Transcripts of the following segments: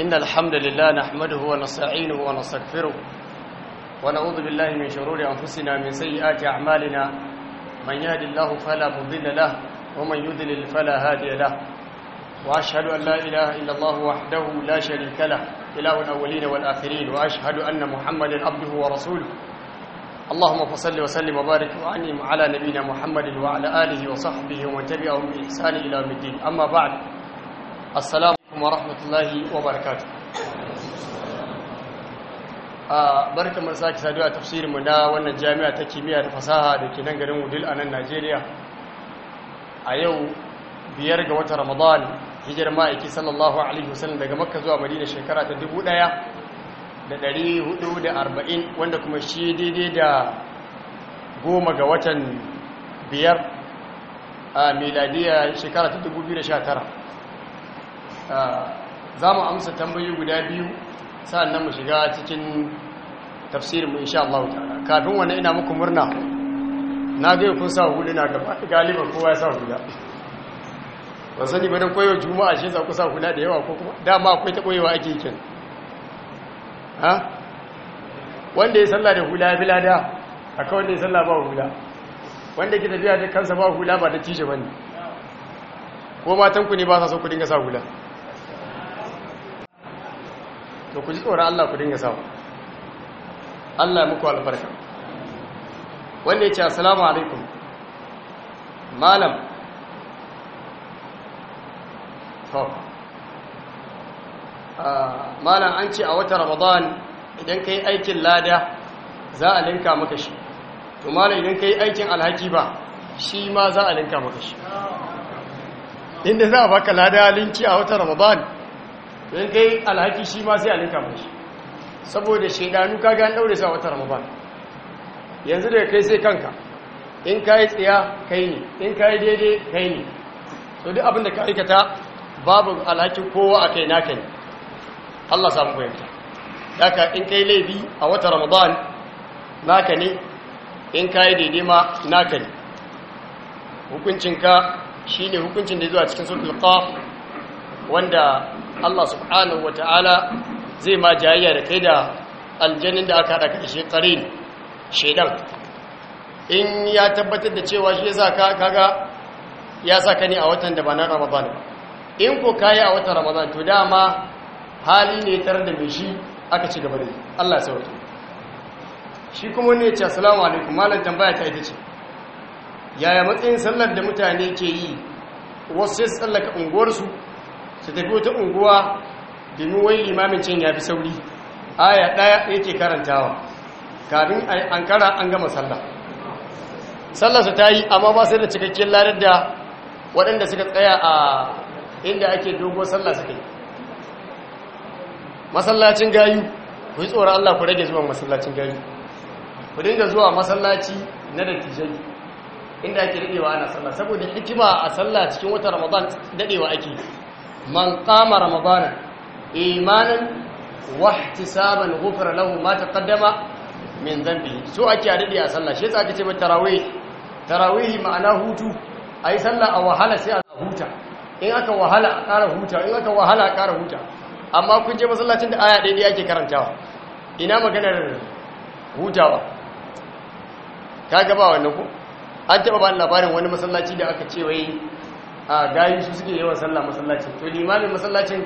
إن الحمد لله نحمده ونستعينه ونستغفره ونعوذ بالله من شرور أنفسنا من سيئات أعمالنا من يهد الله فلا مضل له ومن يضلل فلا هادي له وأشهد أن لا إله إلا الله وحده لا شريك له إله الأولين والآخرين وأشهد أن محمدا عبده ورسوله اللهم فصل وسلم وبارك وأنعم على نبينا محمد وعلى آله وصحبه ومن تبعهم بإحسان إلى يوم الدين أما بعد السلام kuma rahmatullahi wa barakatu a ah, barkan mun sake saduwa tafsirinmu na wannan jami'a ta kimiyya da fasaha da ke nan garin wudil a nan najeriya a yau biyar ga wata ramadan hijar ma'aiki sallallahu alaihi wasallam daga makka zuwa madina shekara ta dubu ɗaya da ɗari hudu da arba'in wanda kuma shi daidai da goma ga watan biyar a ah, miladiya shekara ta dubu biyu da sha tara Ah, za mu amsa tambayi guda biyu sa'annan mu shiga cikin mu insha Allah ta'ala kafin wannan ina muku murna na ga kun sa huluna galiba kowa ya sa hula ba sani ba dan koyo juma'a shi za ku sa hula da yawa ko kuma dama akwai ta koyewa ake kin ha wanda ya salla da hula bila da akwai wanda ya salla ba hula wanda ke tafiya da kansa ba hula ba da tije bane ko matan ku ne ba sa so ku dinga sa hula to ku ji tsoron Allah ku dinga samu Allah muku albarka wanda ya ce assalamu alaikum malam to ah, malam an ce a wata ramadan idan ka yi aikin lada za a linka maka shi to malam idan ka yi aikin alhaki ba shi ma za a linka maka shi inda za a baka lada linki a wata ramadan don kai alhaki shi ma sai a nika mashi saboda shaidanu ka gani daure sa wata ba yanzu daga kai sai kanka in ka yi tsiya kai ne in ka yi daidai kai ne so duk abin da ka aikata babu alhakin kowa a kai naka ne Allah samu fahimta daga in kai laifi a wata ramadan naka ne in ka yi daidai ma naka ne hukuncinka shi ne hukuncin da zuwa cikin sulhul wanda Allah subhanahu wata'ala zai ma jayayya da kai da aljanin da aka haɗa shi ƙarin shaidan in ya tabbatar da cewa shi ya ka kaga ya saka ne a watan da ba na ramadan in ko kayi a watan ramadan to dama hali ne tare da mai shi aka ci gaba da yi Allah ya sauke shi kuma ne ce assalamu alaikum malam tambaya ta ita ce yaya matsayin sallar da mutane ke yi wasu sai tsallaka unguwarsu su tafi wata unguwa domin wani limamin can ya fi sauri aya ɗaya yake karantawa kafin an kara an gama sallah sallah su ta yi amma ba sai da cikakken ladar da waɗanda suka tsaya a inda ake dogon sallah suka yi masallacin gayu ku yi tsoron allah ku rage zuwa masallacin gayu ku dinga zuwa masallaci na dattijai inda ake daɗewa ana sallah saboda hikima a sallah cikin wata ramadan daɗewa ake man قام رمضان ايمانا واحتسابا غفر له lahu تقدم من min سو so ake adadi a sallah تاكي تي ake ce معناه ma'ana hutu ai sallah a wahala sai a huta in aka wahala ان ƙara وهله in aka wahala كون ƙara huta amma kun je masallacin da aya ɗaya ake karantawa ina maganar hutawa wannan ku an taɓa ba labarin wani masallaci da aka ce wai a gayu su suke yawan sallah masallacin to limamin masallacin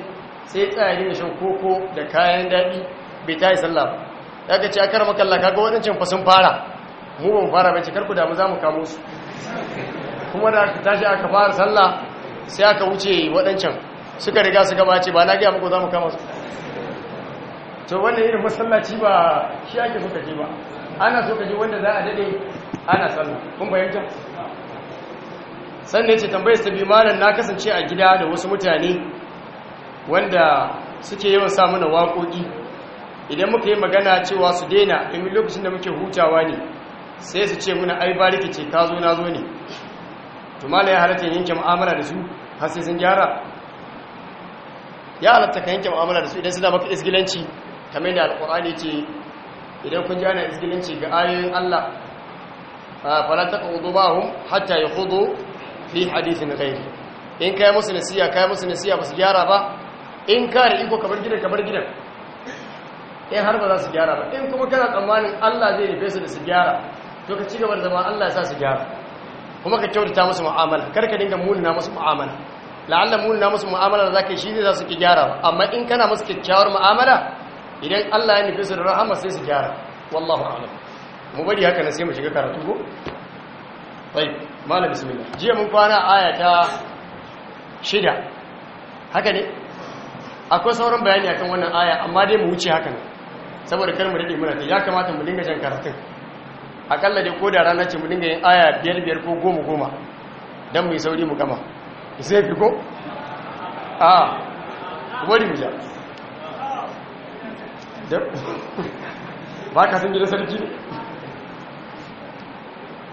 sai tsaya dinga shan koko da kayan daɗi bai ta yi sallah ya ga ce a kar makalla kaga waɗancan fa sun fara mu ban fara bai cikar ku damu za mu kamo su kuma da aka tashi aka fara sallah sai aka wuce waɗancan suka riga suka bace ba na gaya muku za mu kama su to wannan irin masallaci ba shi ake so ka je ba ana so ka je wanda za a daɗe ana sallah kun fahimta sannan ya ce tambayar ta biyu malam na kasance a gida da wasu mutane wanda suke yawan samun mana waƙoƙi idan muka yi magana cewa su daina in lokacin da muke hutawa ne sai su ce muna ai bariki ce ka zo na zo ne tumala ya halatta yanke mu'amala da su har sai sun gyara ya halatta ka yanke mu'amala da su idan suna maka isgilanci kamar da alƙur'ani ce idan kun jana isgilanci ga ayoyin Allah fala taqudubahum hatta yakhudu fi hadithin ghairi in kai musu nasiya kai musu nasiya ba su gyara ba in ka da iko kamar gidan kamar gidan in har ba za su gyara ba in kuma kana tsammanin Allah zai rufe su da su gyara to ka ci gaba da zama Allah ya sa su gyara kuma ka kyautata musu mu'amala kar ka dinga munana musu mu'amala la'alla munana musu mu'amala da zaka yi shi ne za su ki gyara amma in kana musu kyakkyawar mu'amala idan Allah ya nufi su da rahama sai su gyara wallahu a'lam mu bari haka na sai mu shiga karatu ko mana bismillah jiya mun kwana aya ta shida haka ne akwai sauran bayani akan wannan aya amma dai mu wuce hakan saboda kar mu dade muna ta ya kamata mu dinga jan karatun akalla dai ko da rana ce mu dinga yin aya biyar biyar ko goma goma dan mu yi sauri mu gama zai fi ko a wani mu ja ba ka san gidan sarki ne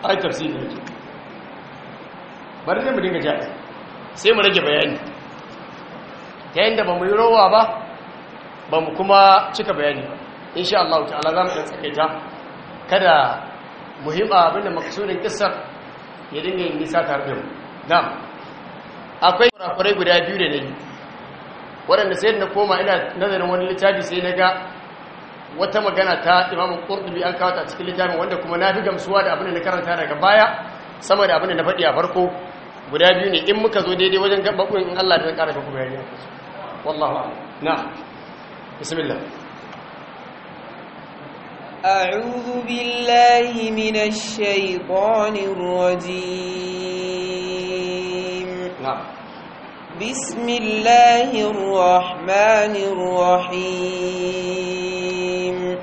ai tafsiri ne bari ne mu dinga ja sai mu rage bayani ta yadda ba mu yi rowa ba ba mu kuma cika bayani ba insha Allah ta'ala za mu ɗan tsakaita kada muhimma abinda maksudin kissar ya dinga yin nisa tare da mu na'am akwai kurakurai guda biyu da nayi waɗanda sai na koma ina nazarin wani littafi sai na ga wata magana ta imamun ƙurɗubi an kawo ta cikin littafin wanda kuma na fi gamsuwa da abin da na karanta daga baya sama da abin da na faɗi a farko guda biyu ne in muka zo daidai wajen gaɓaɓɓun in Allah da ƙara kuma yariya wallahu na bismillah أعوذ بالله من الشيطان الرجيم نعم بسم الله الرحمن الرحيم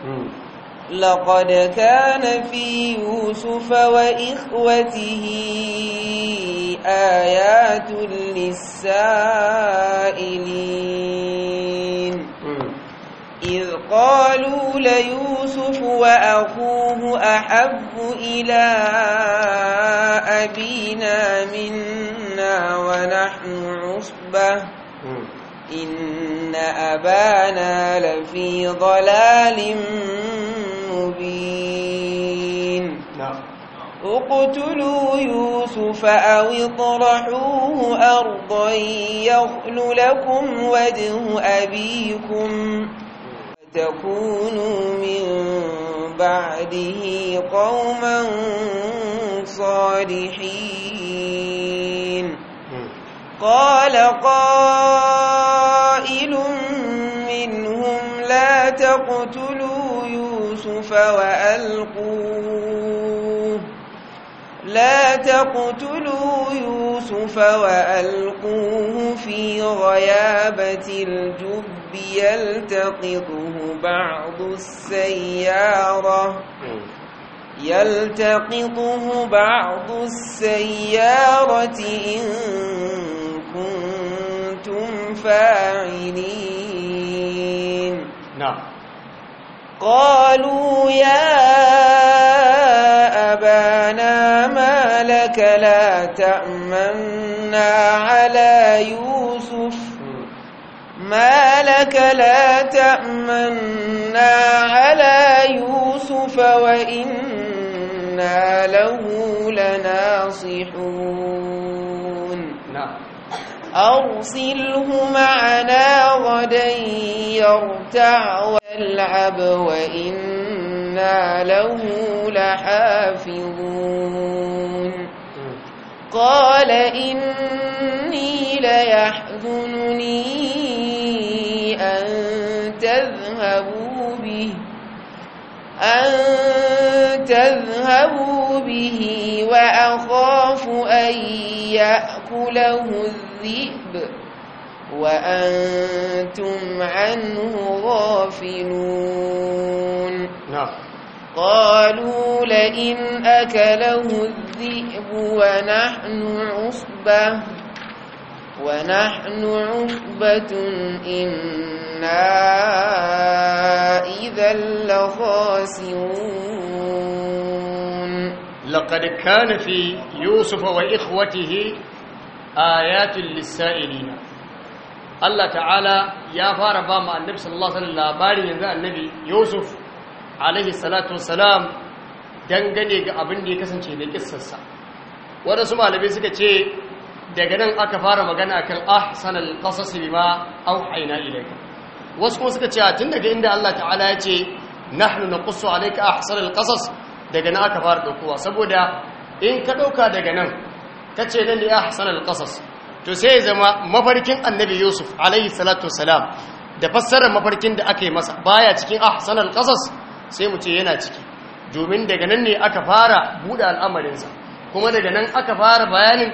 لقد كان في يوسف وإخوته آيات للسائلين إذ قالوا ليوسف وأخوه أحب إلى أبينا منه ونحن عصبة إن أبانا لفي ضلال مبين نعم. اقتلوا يوسف أو اطرحوه أرضا يخل لكم وجه أبيكم تكونوا من بعده قوما صالحين قال قائل منهم لا تقتلوا يوسف وألقوه لا تقتلوا يوسف وألقوه في غيابة الجب يلتقطه بعض السيارة يلتقطه بعض السيارة إن كنتم فاعلين نعم قالوا يا أبانا ما لك لا تأمنا على يوسف ما لك لا تأمنا على يوسف وإنا له لناصحون أرسله معنا غدا يرتع والعب وإنا له لحافظون قال إني ليحزنني أن تذهبوا به أن تذهبوا به وأخاف أن يأكله الذئب وأنتم عنه غافلون نعم قالوا لئن أكله الذئب ونحن عصبة ونحن عقبة إنا إذا لخاسرون لقد كان في يوسف وإخوته آيات للسائلين الله تعالى يا فار باما النبي صلى الله عليه وسلم باري ينزع النبي يوسف عليه الصلاة والسلام dangane ga abin da ya kasance da kissarsa waɗansu malamai suka ce daga nan aka fara magana kan ahsanal qasas bima auhayna ilayka wasu kuma suka ce tun daga inda Allah ta'ala ya ce nahnu naqussu alayka ahsanal qasas daga nan aka fara daukowa saboda in ka dauka daga nan kace nan ne ahsanal qasas to sai zama mafarkin annabi Yusuf alayhi salatu wassalam da fassarar mafarkin da aka yi masa baya cikin ahsanal qasas sai mu ce yana ciki domin daga nan ne aka fara buɗe al'amarinsa kuma daga nan aka fara bayanin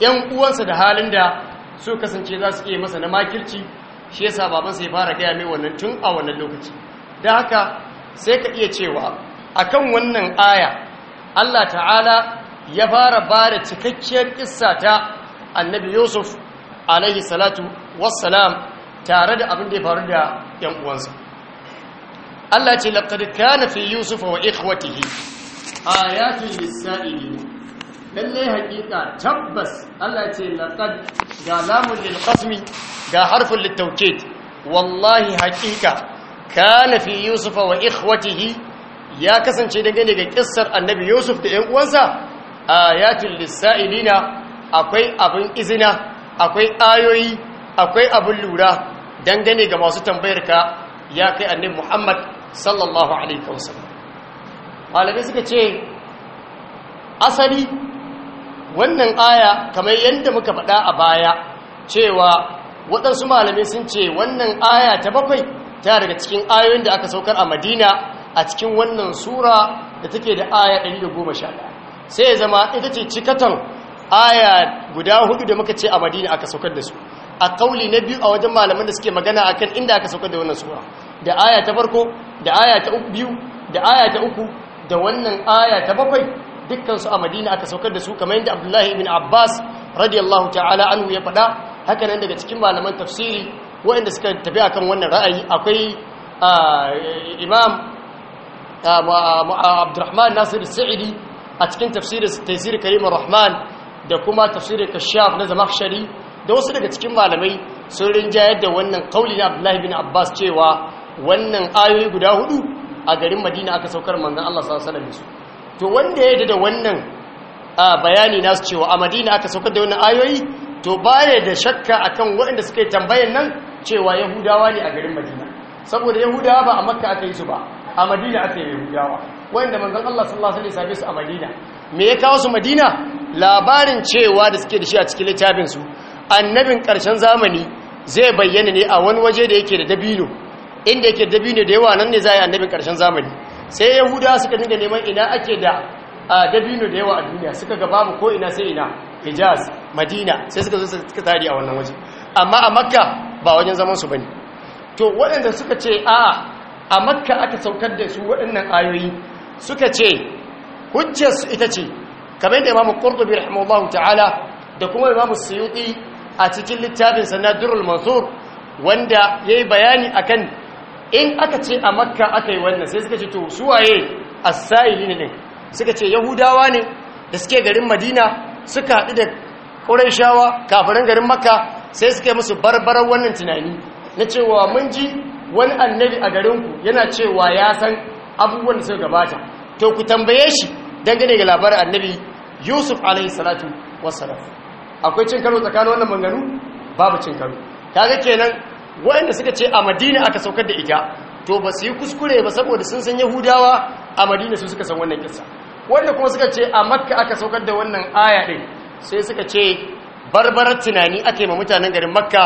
yan uwansa da halin da su kasance za su iya masa na makirci shi yasa babansa ya fara gaya mai wannan tun a wannan lokaci da haka sai ka iya cewa akan wannan aya Allah ta'ala ya fara ba da cikakkiyar kissa ta annabi yusuf alaihi salatu wassalam tare da abin da ya faru da yan uwansa Allah ce laqad kana fi yusufa wa ikhwatihi ayatun lis lallai hakika tabbas Allah ce laqad ga lamun lil qasmi ga harfin lit wallahi hakika kana fi yusuf wa ikhwatihi ya kasance dangane ga kissar annabi yusuf da ƴan uwansa ayatul lisailina akwai abin izina akwai ayoyi akwai abin lura dangane ga masu tambayar ka ya kai annabi muhammad sallallahu alaihi wasallam malamai suka ce asali wannan aya kamar yadda muka faɗa a baya cewa waɗansu malamai sun ce wannan aya ta bakwai ta daga cikin ayoyin da aka saukar a madina a cikin wannan sura da take da aya 111 sai zama ita ce cikatan aya guda hudu da muka ce a madina aka saukar da su a kauli na biyu a wajen malaman da suke magana a kan inda aka saukar da wannan sura da aya ta farko da aya ta biyu da aya ta uku da wannan aya ta bakwai Dukkansu a Madina aka saukar da su kamar yadda Abdullahi ibn Abbas radiyallahu ta'ala anhu ya faɗa haka nan daga cikin malaman tafsiri waɗanda suka tafi akan wannan ra'ayi akwai imam Abdurrahman Nasir Sa'idi a cikin tafsirin Tafsir Karim Rahman da kuma tafsirin Kashaf na Zamakhshari da wasu daga cikin malamai sun rinjayar da wannan kauli na Abdullahi bin Abbas cewa wannan ayoyi guda hudu a garin Madina aka saukar manzon Allah sallallahu alaihi wasallam to wanda ya da wannan bayani nasu cewa a madina aka saukar da wani ayoyi to baya da shakka akan waɗanda suka yi tambayan nan cewa yahudawa ne a garin madina saboda yahudawa ba a makka aka yi su ba a madina aka yi yahudawa wanda manzon Allah sallallahu alaihi sabi su a madina me ya kawo su madina labarin cewa da suke da shi a cikin littafin su annabin ƙarshen zamani zai bayyana ne a wani waje da yake da dabino inda yake da dabino da yawa nan ne za a yi annabin ƙarshen zamani sai yahudawa suka dinga neman ina ake da dabino da yawa a duniya suka ga babu ko ina sai ina hijaz madina sai suka zo suka tare a wannan waje amma a makka ba wajen zaman su bane to waɗanda suka ce a a makka aka saukar da su waɗannan ayoyi suka ce hujjar su ita ce kamar yadda imamu qurtubi rahimahullahu ta'ala da kuma imamu suyuti a cikin littafin sanadurul mansur wanda yayi bayani akan in aka ce a makka aka yi wannan sai suka ce to su waye sailin ne suka ce yahudawa ne da suke garin madina suka haɗu da kafin kafiran garin makka sai suka yi musu barbarar wannan tunani na cewa mun ji wani annabi a garinku yana cewa ya san abubuwan da suka gabata to ku tambaye shi dangane ga labarin annabi yusuf alaihi salatu wassalam akwai cin karo tsakanin wannan manganu babu cin karo kaga kenan waɗanda suka ce a madina aka saukar da ita to ba su yi kuskure ba saboda sun san yahudawa a madina su suka san wannan kisa wanda kuma suka ce a makka aka saukar da wannan aya ɗin sai suka ce barbarar tunani ake ma mutanen garin makka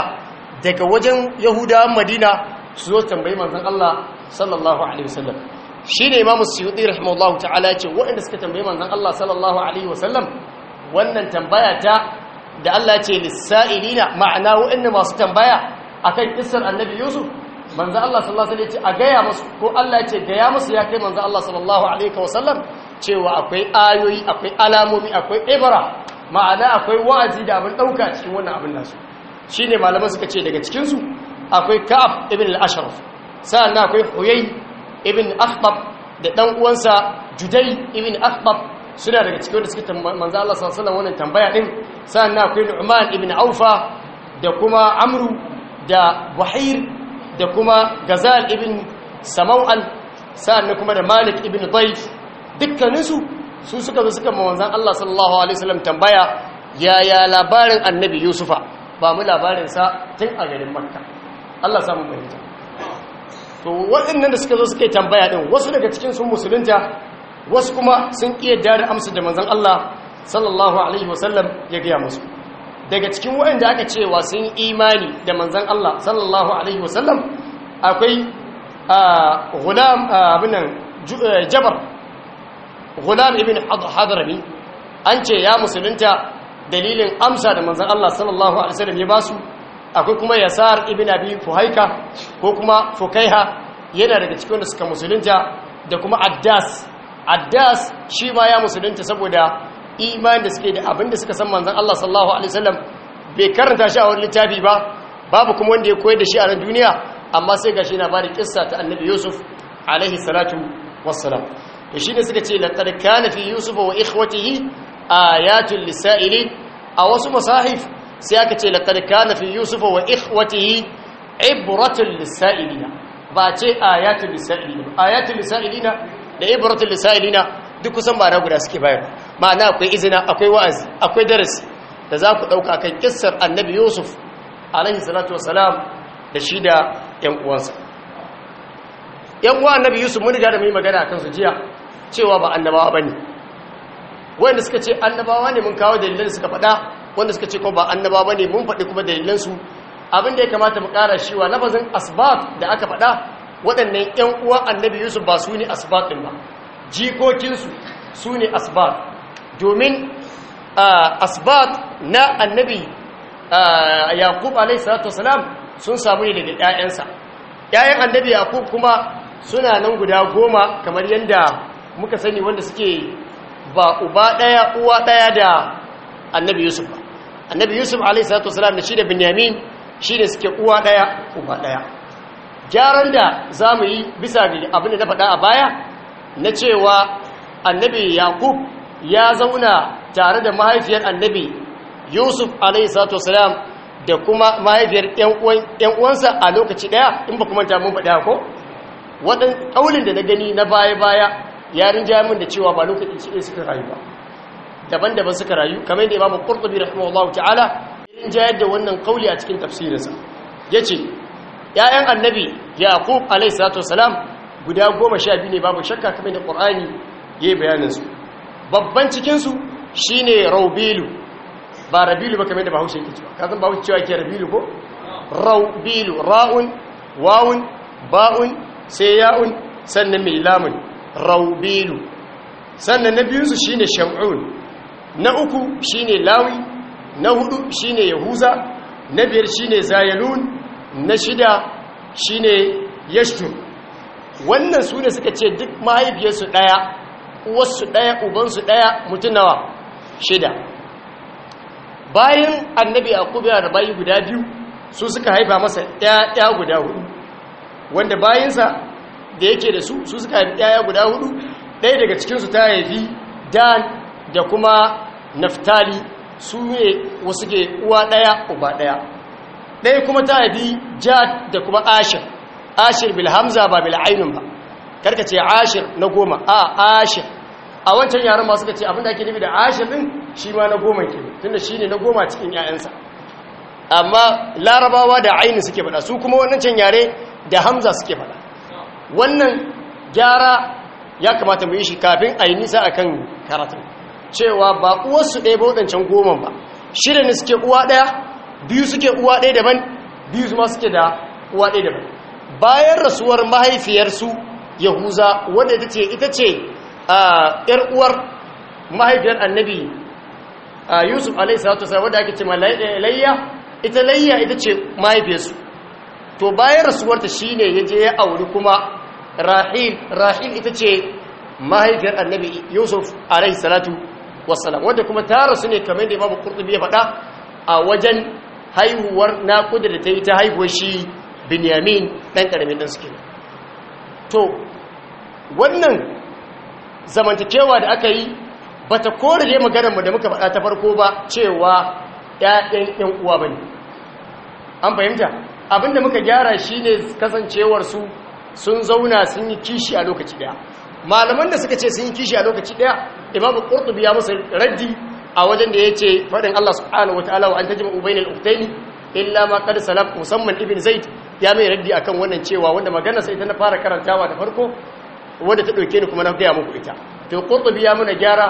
daga wajen yahudawan madina su zo tambayi manzon allah sallallahu alaihi wasallam shi ne imamu suyuti rahimahullahu ta'ala ce waɗanda suka tambayi manzon allah sallallahu alaihi wasallam wannan tambaya ta da allah ce lissa'ilina ma'ana waɗanda masu tambaya akan kissar annabi yusuf manzo Allah sallallahu alaihi wasallam a gaya musu ko Allah ya ce gaya musu ya kai manzo Allah sallallahu alaihi wasallam cewa akwai ayoyi akwai alamomi akwai ibra ma'ana akwai wa'azi da abin dauka cikin wannan abin nasu shine malaman suka ce daga cikin su akwai Ka'ab ibn al-Ashraf sannan akwai Huyay ibn Akhtab da dan uwansa Judai ibn Akhtab suna daga cikin da suka manzo Allah sallallahu alaihi wasallam wannan tambaya din sannan akwai Nu'man ibn Aufa da kuma Amru da wahir da kuma gazal ibn samau'an sa'annan kuma da malik ibn daif dukkaninsu su suka zo suka mawanzan Allah sallallahu alaihi wasallam tambaya yaya labarin annabi yusufa ba mu labarinsa tun a garin makka Allah samu mahimta to waɗannan da suka zo suka tambaya ɗin wasu daga cikin sun musulunta wasu kuma sun iya da amsa da manzan Allah sallallahu alaihi wasallam ya gaya musu daga cikin waɗanda aka cewa sun imani da manzan Allah sallallahu alaihi wasallam akwai gulam abinan jabar eh, gulam ibn hadarami an ce ya musulunta dalilin amsa da manzan Allah sallallahu alaihi wasallam ya basu akwai kuma yasar Ibin abi fuhaika ko kuma fukaiha yana daga cikin da suka musulunta da kuma addas addas shi ma ya musulunta saboda imani da suke da abin da suka san manzon Allah sallallahu alaihi wasallam bai karanta shi a wani littafi ba babu kuma wanda ya koyar da shi a duniya amma sai gashi yana bada kissa ta annabi Yusuf alaihi salatu wassalam shi ne suka ce laqad kana fi yusuf wa ikhwatihi ayatul lisaili a wasu masahif sai aka ce laqad kana fi yusuf wa ikhwatihi ibratul lisailina ba ce ayatul lisailina ayatul lisailina da ibratul lisailina duk kusan ba guda suke bayar ma'ana akwai izina akwai wa'azi akwai darasi da za ku ɗauka kan kissar annabi yusuf alaihi salatu wasalam da shi da yan uwansa yan uwa annabi yusuf mun riga da mai magana a su jiya cewa ba annabawa bane wanda suka ce annabawa ne mun kawo dalilan suka faɗa wanda suka ce ko ba annabawa bane mun faɗi kuma dalilan su abin da ya kamata mu ƙara shi wa lafazin asbab da aka faɗa waɗannan yan uwa annabi yusuf ba su ne asbab ba jikokinsu su ne asbat domin asbat na annabi yaqub alaihi salatu sun samu ne daga ƴaƴansa ƴaƴan annabi yakub kuma suna nan guda goma kamar yadda muka sani wanda suke ba uba ɗaya uwa ɗaya da annabi yusuf ba annabi yusuf a.s. da shi da binyamin shi ne suke uwa ɗaya uba ɗaya gyaran da za mu yi bisa abinda abin da na faɗa a baya na cewa annabi yaqub ya zauna tare da mahaifiyar annabi yusuf alayhi salatu wasalam da kuma mahaifiyar ƴan uwansa a lokaci ɗaya, in ba kuma ta mun faɗa ko wadan kaulin da na gani na baya baya ya rinja min da cewa ba lokacin ɗaya suka rayu ba daban-daban suka rayu kamar da imamu qurtubi rahimahullahu ta'ala in jayar da wannan kauli a cikin tafsirinsa yace 'ya'yan annabi yaqub alayhi salatu wasalam guda goma sha biyu ne babu shakka kamar da ƙorani ya yi bayaninsu babban cikinsu shi ne raubilu ba rabilu ba kamar da bahaushe yake cewa kazan bahaushe cewa ke rabilu ko raubilu ra'un wa'un ba'un sai ya'un sannan mai lamun raubilu sannan na biyunsu shi ne shan'un na uku shi ne lawi na hudu shi ne yahuza na biyar shi ne zayalun na shida shi ne yashtun wannan su ne suka ce duk mahaifiyarsu ɗaya uwarsu ɗaya ubansu ɗaya mutunawa shida bayan annabi a yana da bayi guda biyu su suka haifa masa ɗaya guda hudu wanda bayansa da yake da su su suka haifi ɗaya guda hudu ɗaya daga cikinsu ta haifi dan da kuma naftali su ne wasu ke uwa ɗaya uba ɗaya ɗaya kuma ta haifi jad da kuma ashir ashir bil hamza ba bil ainun ba karka ce ashir na goma a ashir a wancan yaran masu ce abinda ake nufi da ashir din shi ma na goma ke tunda shine na goma cikin ƴaƴansa amma larabawa da ainu suke faɗa su kuma wannan can yare da hamza suke faɗa wannan gyara ya kamata mu yi shi kafin a yi nisa akan karatun cewa ba uwarsu ɗaya ba waɗancan goman ba shirin ne suke uwa ɗaya biyu suke uwa ɗaya daban biyu ma suke da uwa ɗaya daban bayan rasuwar mahaifiyarsu yahuza wadda ita ce ita ce yar uwar mahaifiyar annabi yusuf a.s. wadda ake ce malayya ita layya ita ce mahaifiyarsu to bayan rasuwarta shi ne ya je auri kuma rahil rahil ita ce mahaifiyar annabi yusuf a.s. wadda kuma ta rasu ne kamar da imamu kurɗi ya faɗa a wajen haihuwar naƙuda da ta yi ta haihuwar shi binyamin ɗan ƙaramin ɗan suke to wannan zamantakewa da aka yi ba ta korare maganarmu da muka faɗa ta farko ba cewa ‘ya'yan ‘yan uwa ba an fahimta abinda muka gyara shi ne kasancewarsu sun zauna sun yi kishi a lokaci ɗaya malaman da suka ce sun yi kishi a lokaci ɗaya imamu ƙurtubi ya musu raddi a wajen da ya ce faɗin allah subhanahu wa ta'ala wa an tajima ubainul uktaini illa ma qad salaf musamman ibn zaid ya mai raddi akan wannan cewa wanda magana sai ta na fara karantawa da farko wanda ta dauke ni kuma na gaya muku ita to qurtubi ya muna gyara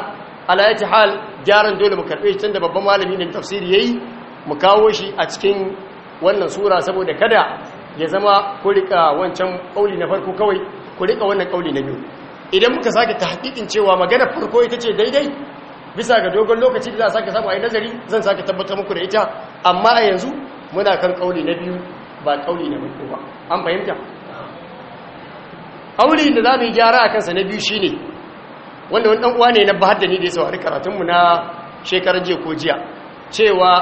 ala yati hal gyaran dole mu karbe shi tunda babban malami ne ya yi mu kawo shi a cikin wannan sura saboda kada ya zama ku rika wancan kauli na farko kawai ku rika wannan kauli na biyu idan muka sake ta tahqiqin cewa magana farko ita ce daidai bisa ga dogon lokaci da za a sake samu a yi nazari zan sake tabbatar muku da ita amma a yanzu muna kan kauli na biyu ba kauli ne mutu ba an fahimta kauli da za mu yi gyara a kansa na biyu shine wanda wani dan uwa ne na bahar da ni da ya saurari karatunmu na shekarar jiya ko jiya cewa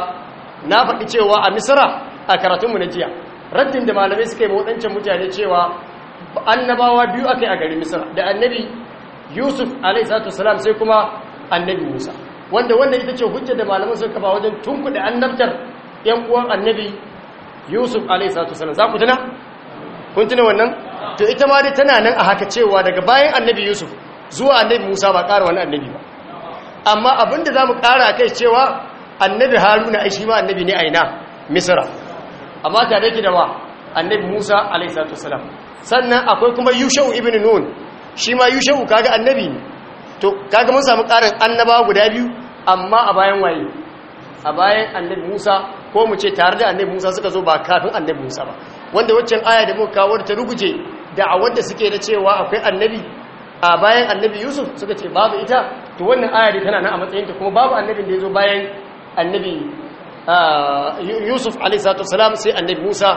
na faɗi cewa a misira a karatunmu na jiya raddin da malamai suka yi wadancan mutane cewa annabawa biyu aka a garin misira da annabi yusuf alaihissalam sai kuma annabi musa wanda wannan ita ce hujjar da malaman suka ba wajen tunkuɗe annabtar yan uwan annabi yusuf alaihissalatu wasalam za ku tuna kun tuna wannan to ita ma dai tana nan a haka cewa daga bayan annabi yusuf zuwa annabi musa ba ƙara wani annabi ba amma abinda za mu ƙara kai cewa annabi haruna ai shi ma annabi ne aina misra amma tare ki da wa annabi musa alaihissalatu sannan akwai kuma yushau ibn nun shi ma yushau kaga annabi ne to kaga mun samu ƙarin annabawa guda biyu amma a bayan waye a bayan annabi musa ko mu ce tare da annabi Musa suka zo ba kafin annabi Musa ba wanda waccan aya da muka kawo ta ruguje da a wanda suke da cewa akwai annabi a bayan annabi Yusuf suka ce babu ita to wannan aya da tana nan a matsayin ta kuma babu annabin da ya zo bayan annabi Yusuf alaihi salatu wassalam sai annabi Musa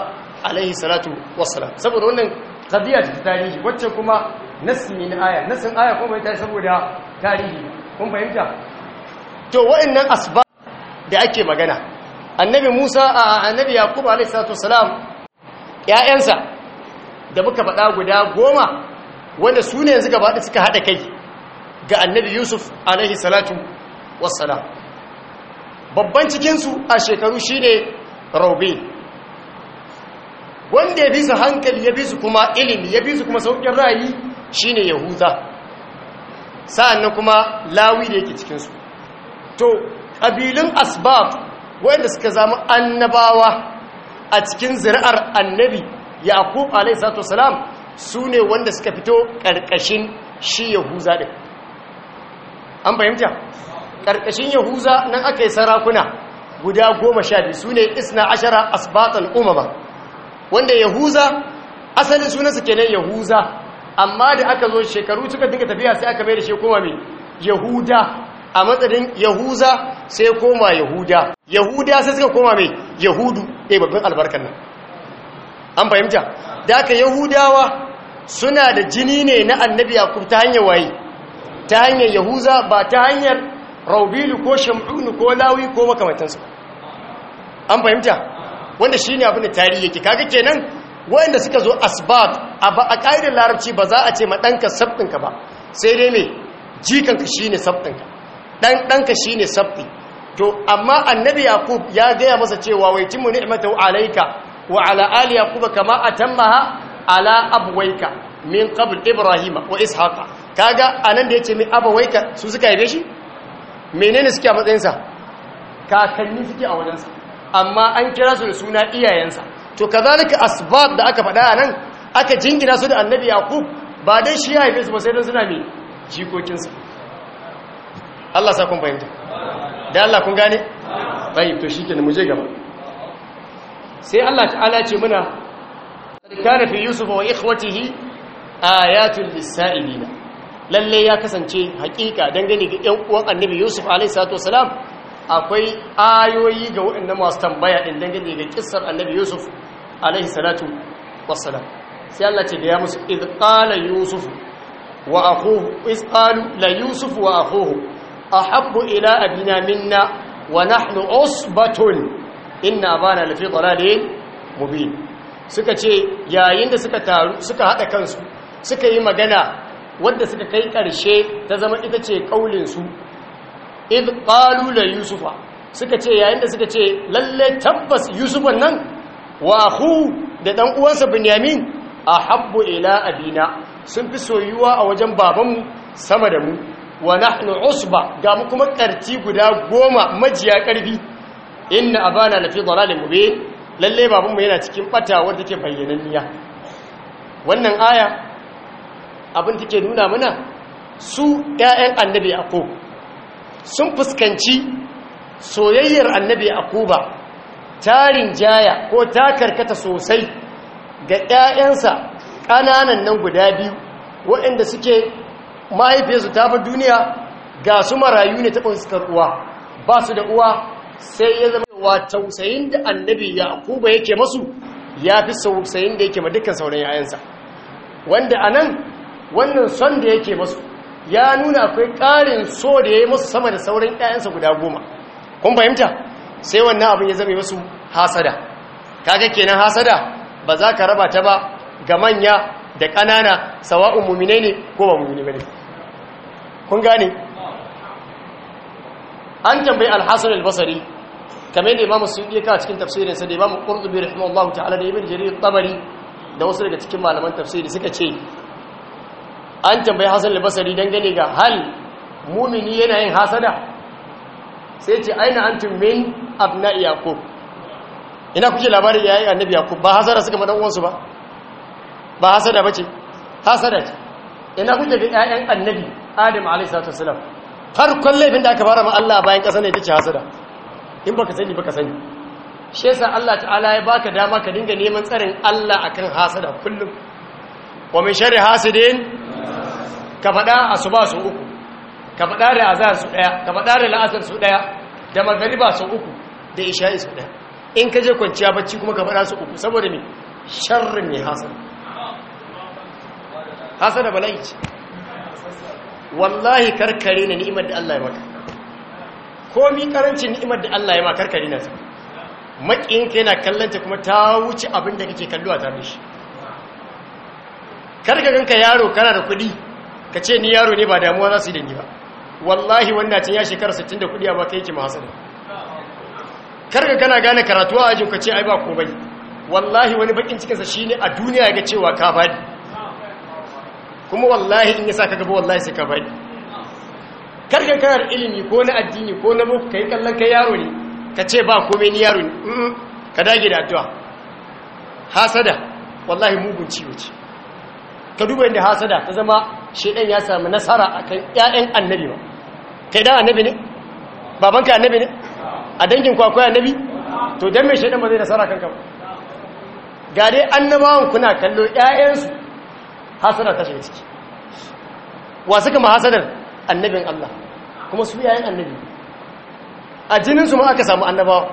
alaihi salatu wassalam saboda wannan qadiya ta tarihi wacce kuma nasi ne na aya nasin aya kuma bai ta saboda tarihi kun fahimta to wa'annan asbab da ake magana annabi musa a annabi yakubu alaihi salatu ƴaƴansa da muka faɗa guda goma wanda su ne yanzu gaba suka haɗa kai ga annabi yusuf alaihi salatu babban cikinsu a shekaru ne raube wanda ya bisa hankali ya bi kuma ilimi ya bi su kuma saukin ra'ayi ne yahuza sa'an kuma lawi da yake cikinsu to ƙabilun asbab wanda suka zama annabawa a cikin zira'ar annabi yaqub alayhi salatu wasalam sune wanda suka fito karkashin shi yahuza din an fahimta karkashin yahuza nan akai sarakuna guda goma sha biyu su ne isna ashara asbatan umama wanda yahuza asalin sunansa kenan yahuza amma da aka zo shekaru suka dinga tafiya sai aka mai da shi koma mai yahuda a matsayin yahuza sai koma yahuda yahuda sai suka koma mai yahudu eh babban albarkar nan an fahimta da aka yahudawa suna da jini ne na annabi yakub ta hanyar waye ta hanyar yahuza ba ta hanyar raubilu ko shamdunu ko lawi ko makamantansu an fahimta wanda shi ne abin da tarihi yake kaga kenan wanda suka zo asbab a ƙa'idar larabci ba za a ce ma ɗanka sabtinka ba sai dai mai jikanka shi ne sabtinka dan shi shine sabbi to amma annabi yaqub ya gaya masa cewa wai timu ni'matu alayka wa ala ali yaqub kama atammaha ala abwayka min qabl ibrahima wa ishaqa kaga anan da yace min abwayka su suka yabe shi menene suke a matsayin sa kakanni suke a wajen sa amma an kira su da suna iyayensa to kazalika asbab da aka faɗa anan aka jingina su da annabi yaqub ba dai shi ya yabe su ba sai dan suna mai jikokinsa Allah sa kun fahimta da Allah kun gane tayyib to shi shikenan mu je gaba sai Allah ta'ala ce muna kana fi yusuf wa ikhwatihi ayatul lisaibin lalle ya kasance hakika dangane ga ƴan uwan annabi yusuf alaihi salatu wasalam akwai ayoyi ga waɗannan masu tambaya din dangane ga kissar annabi yusuf alaihi salatu wasalam sai Allah ce da ya musu idh qala yusuf wa akhuhu isqalu la yusuf wa akhuhu ahabbu ila abina minna wa nahnu usbatun inna bana lafi dalalin suka ce yayin da suka taru suka hada kansu suka yi magana wadda suka kai karshe ta zama ita ce kaulin su id qalu la yusufa suka ce yayin da suka ce lalle tabbas yusufan nan wa hu da dan uwansa binyamin ahabbu ila abina sun fi soyuwa a wajen babanmu sama da mu wa nahnu usba ga mu kuma karti guda goma majiya karfi inna abana lafi dalalin mubin lalle babanmu yana cikin bata wanda take bayyananniya wannan aya abin take nuna mana su ƴaƴan annabi ako sun fuskanci soyayyar annabi ba? tarin jaya ko ta karkata sosai ga ƴaƴansa ƙananan nan guda biyu waɗanda suke mahaifiyarsu ta fi duniya ga su marayu ne ta suka uwa ba su da uwa sai ya zama wa tausayin da annabi ya kuba yake masu ya fi tausayin da yake ma dukkan sauran yayansa wanda anan wannan son da yake masu ya nuna akwai ƙarin so da ya yi masu sama da sauran yayansa guda goma kun fahimta sai wannan abin ya zama masu hasada kaga kenan hasada ba za ka raba ta ba ga manya da ƙanana sawa'un muminai ne ko ba mumini bane kun gane an tambayi al-hasan al-basri kamar yadda imamu su yi kawo cikin tafsirin sa da imamu qurtubi rahimahullahu ta'ala da ibn jarir tabari da wasu daga cikin malaman tafsiri suka ce an tambayi hasan al-basri dangane ga hal mumini yana yin hasada sai ce aina antum min abna yaqub ina kuke labarin yayin annabi yaqub ba hasara suka madan uwansu ba ba hasada ba ce hasada ce ina kuke ga 'ya'yan annabi adam a.s.w farkon laifin da aka fara ma Allah bayan ƙasa ne ta ce hasada in baka sani baka sani shi yasa Allah ta'ala ya baka dama ka dinga neman tsarin Allah akan hasada kullum wa min sharri hasidin ka faɗa asuba su uku ka faɗa da azhar su ɗaya ka faɗa da la'asar su ɗaya da magariba su uku da isha'i su ɗaya in ka je kwanciya bacci kuma ka faɗa su uku saboda me sharrin ne hasada da bala'i ce wallahi karkare na ni'imar da Allah ya maka komi karancin ni'imar da Allah ya maka karkare na maƙiyinka yana kallanta kuma ta wuce abin da kake kallo a tare shi karkarinka yaro kana da kuɗi ka ce ni yaro ne ba damuwa za su yi dangi ba wallahi wannan cin ya shekara 60 da kuɗi a baka yake da karka kana gane karatuwa a ajin ka ce ai ba bai. wallahi wani bakin cikinsa shine a duniya ya ga cewa ka bani kuma wallahi in yasa ka gaba wallahi sai ka bari karka karar ilimi ko na addini ko na boko kai kallon kai yaro ne ka ce ba komai ni yaro ne ka dage da addu'a hasada wallahi mugun ciwo ce ka duba inda hasada ta zama shedan ya samu nasara akan ƴaƴan annabi ba kai da annabi ne babanka annabi ne a dangin kwakwai annabi to dan me shedan ba zai nasara kanka ba ga dai annabawan kuna kallo ƴaƴansu hasadar ta shiga ciki wa suka ma hasadar annabin Allah kuma su yayin annabi a jininsu ma aka samu annabawa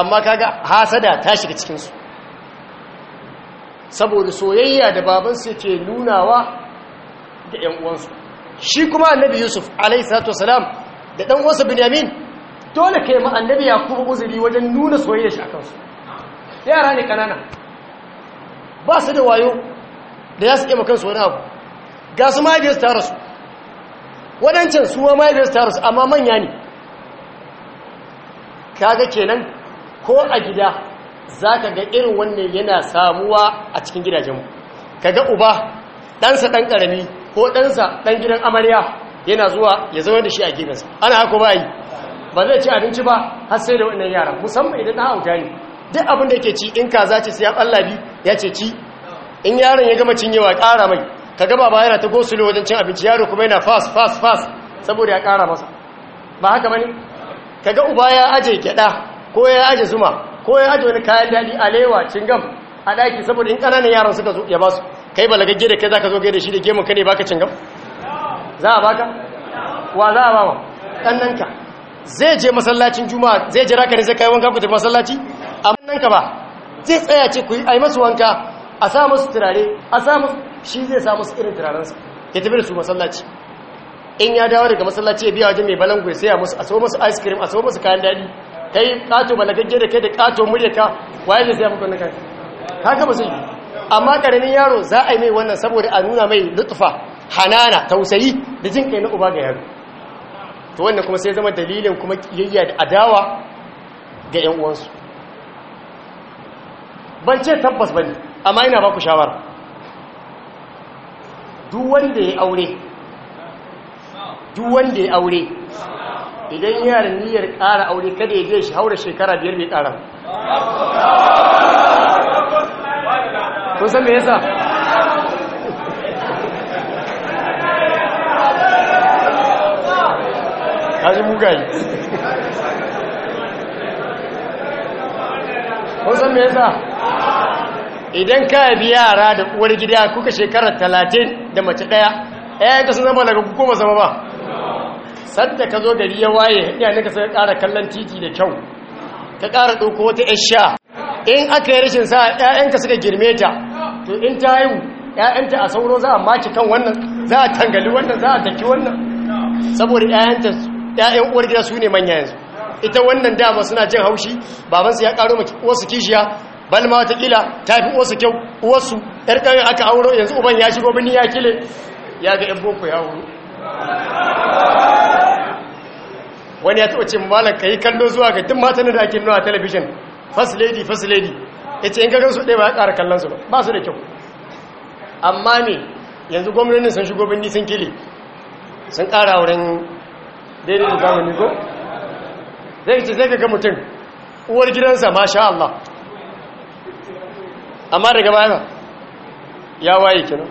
amma kaga hasada ta shiga cikinsu saboda soyayya da babansu yake nunawa da 'yan uwansu shi kuma annabi yusuf alaihissalatu wasalam da ɗan uwansa binyamin dole kai ma annabi Yakubu kuma uzuri wajen nuna soyayya shi a kansu yara ne kanana ba su da wayo da ya su makansu wani abu ga su mahaifiyarsu ta rasu waɗancan suwa mahaifiyarsu ta rasu amma manya ne kaga kenan ko a gida za ka ga irin wannan yana samuwa a cikin gidajenmu kaga uba ɗansa ɗan ƙarami ko ɗansa ɗan gidan amarya yana zuwa ya zama da shi a gidansa ana hako yi ba zai ci abinci ba har sai da wannan yaran musamman idan na hauta ne duk abin da yake ci in kaza ce sai ya ɓallabi ya ce ci in yaron ya gama cinyewa ƙara mai ka gaba ba yana ta gosulo wajen cin abinci yaro kuma yana fast fast fast saboda ya ƙara masa ba haka mani ka ga uba ya aje gyada ko ya aje zuma ko ya aje wani kayan daɗi alewa cingam a ɗaki saboda in ƙananan yaron suka zo ya ba su kai balagagge da kai za ka zo gaida shi da gemun ka ne baka cingam za a baka wa za a ba ma ka zai je masallacin juma'a zai jira ka ne zai kai wanka ku tafi masallaci amma nan ka ba zai tsaya ce ku yi masu wanka a sa musu turare a sa musu shi zai sa musu irin turarensu ya tafi da su masallaci in ya dawo daga masallaci ya biya wajen mai balangu ya saya musu a so musu ice cream a so musu kayan daɗi kai kato balagagge da kai da kato muryarka waye zai saya muku wannan haka ba yi amma ƙaramin yaro za a yi mai wannan saboda a nuna mai lutufa hanana tausayi da jin kai na uba ga yaro to wannan kuma sai zama dalilin kuma kiyayya da adawa ga 'yan uwansu ban ce tabbas bane amma ina ba ku shawara duk wanda ya aure duk wanda ya aure idan yana niyyar ƙara aure kada ya zai shi haura shekara biyar bai ƙara kun san mai yasa kashi mugaye kun san me yasa idan ka bi yara da uwar gida kuka shekarar talatin da mace ɗaya ɗaya ta sun zama daga kuku ba ba sadda ka zo gari ya waye ya nika sai ƙara kallon titi da kyau ka ƙara ɗauko wata ‘yan sha in aka yi rashin sa ‘ya'yanka suka girme ta to in ta haihu ‘ya'yanta a sauro za a maki kan wannan za a tangali wannan za a taki wannan saboda ‘ya'yanta ‘ya'yan uwar gida su ne manya yanzu ita wannan dama suna jin haushi babansu ya karo maki wasu kishiya bal ma watakila ta fi wasu kyau wasu yar ƙarin aka auro yanzu uban ya shigo birni ya kile ya ga yan boko ya wuro wani ya taɓa ce malam ka yi kallo zuwa ga tun matan da ake nuna a talabijin first lady first lady ya ce in gan su ɗaya ba ya ƙara kallon su ba su da kyau amma ne yanzu gwamnonin sun shigo birni sun kile sun ƙara wurin daidai da zamani ko zai ce zai ga mutum uwar gidansa masha Allah amma daga baya ya waye kenan